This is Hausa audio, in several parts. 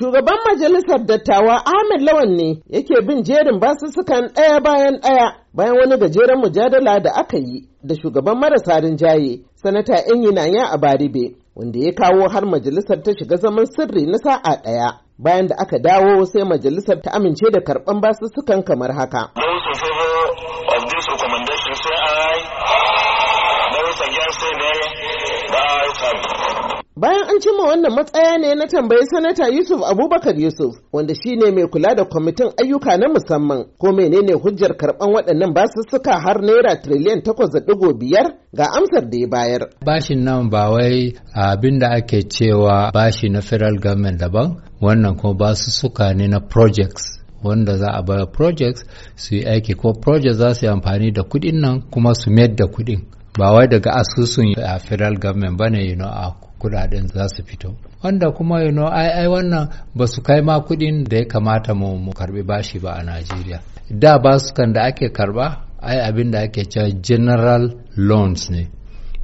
Shugaban Majalisar Dattawa Ahmed Lawan ne yake bin jerin basussukan ɗaya bayan ɗaya bayan wani gajeren mujadala da aka yi da shugaban marasa rinjaye Sanata Enyinanya a Baribe wanda ya kawo har majalisar ta shiga zaman sirri na sa'a ɗaya. Bayan da aka dawo sai majalisar ta amince da karɓan basussukan kamar haka. Those Bayan an cimma wannan matsaya ne na tambayi Sanata Yusuf Abubakar Yusuf wanda shi ne mai kula da kwamitin ayyuka na musamman ko menene hujjar karɓan waɗannan basussuka har naira triliyan takwas da ɗigo biyar ga amsar da ya bayar. Bashin nan ba wai abin da ake cewa bashi na federal government daban wannan kuma basussuka ne na projects wanda za a bayar projects su yi aiki ko projects za su yi amfani da kuɗin nan kuma su mayar da kuɗin ba wai daga asusun a federal government bane you know, kudaden za su fito wanda kuma you know, ai ai wannan ba su kai ma kudin da ya kamata mu mu karbi bashi ba a Najeriya da kan da ake karba ai abin da ake cewa general loans ne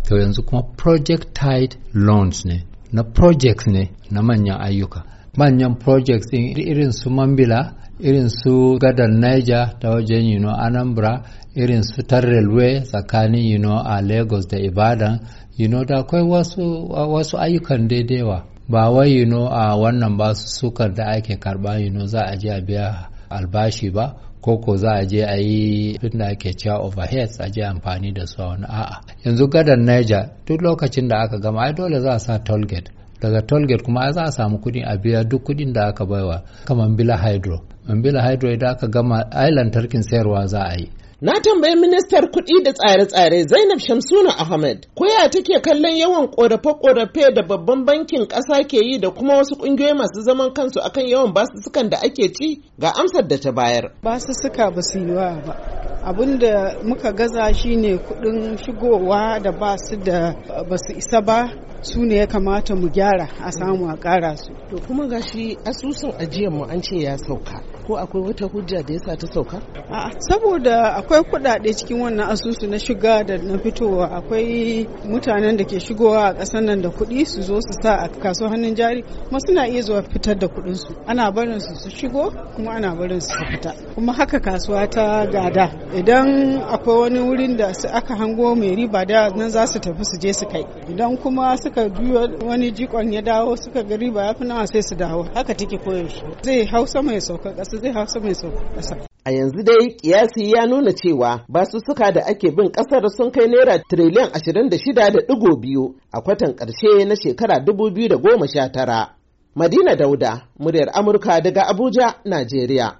to yanzu kuma project tied loans ne na project ne na manyan ayyuka manyan projects din irin su mambila irin su gadar niger ta wajen you know, anambra irin su tarrelwe tsakanin you know, a lagos da ibadan you know, da akwai wasu, wasu ayyukan daidaiwa ba wai you know, a wannan ba su sukar da ake karba you know, za a je a biya albashi ba koko za a je a yi da ake cewa overheads a je amfani da su a wani a'a yanzu gadar niger duk lokacin da aka gama ai dole za a sa tollgate daga tolgate kuma za a samu kuɗi a biya duk kudin da aka baiwa kamar bila hydro bila hydro idan aka gama ai lantarkin sayarwa za a yi Na tambayi ministar kuɗi da tsare-tsare Zainab Shamsuna Ahmed koya take kallon yawan ƙorafe-ƙorafe da babban bankin ƙasa ke yi da kuma wasu ƙungiyoyi masu zaman kansu akan yawan basussukan da ake ci ga amsar da ta bayar. Basussuka ba su yi wa ba. Abin da muka gaza shi ne kuɗin shigowa da ba su da ba su isa ba su ne ya kamata mu gyara a samu a ƙara su. To kuma gashi asusun ajiyar mu an ce ya sauka. ko akwai wata hujja da yasa ta sauka a'a saboda akwai kuɗaɗe cikin wannan asusu na shiga da na fitowa akwai mutanen da ke shigowa a ƙasar nan da kuɗi su zo su sa a kaso hannun jari kuma suna iya zuwa fitar da kuɗin su ana barin su su shigo kuma ana barin su fita kuma haka kasuwa ta gada idan akwai wani wurin da aka hango mai riba da nan za su tafi su je su kai idan kuma suka biyo wani jikon ya dawo suka ga riba ya fi nawa sai su dawo haka take koyaushe zai hausa mai saukar ƙasa su zai mai A yanzu dai kiyasi ya nuna cewa basussuka da ake bin ƙasar sun kai naira tiriliyan 26.2 a kwatan ƙarshe na shekara 2019. Madina Dauda, muryar Amurka daga Abuja, Najeriya.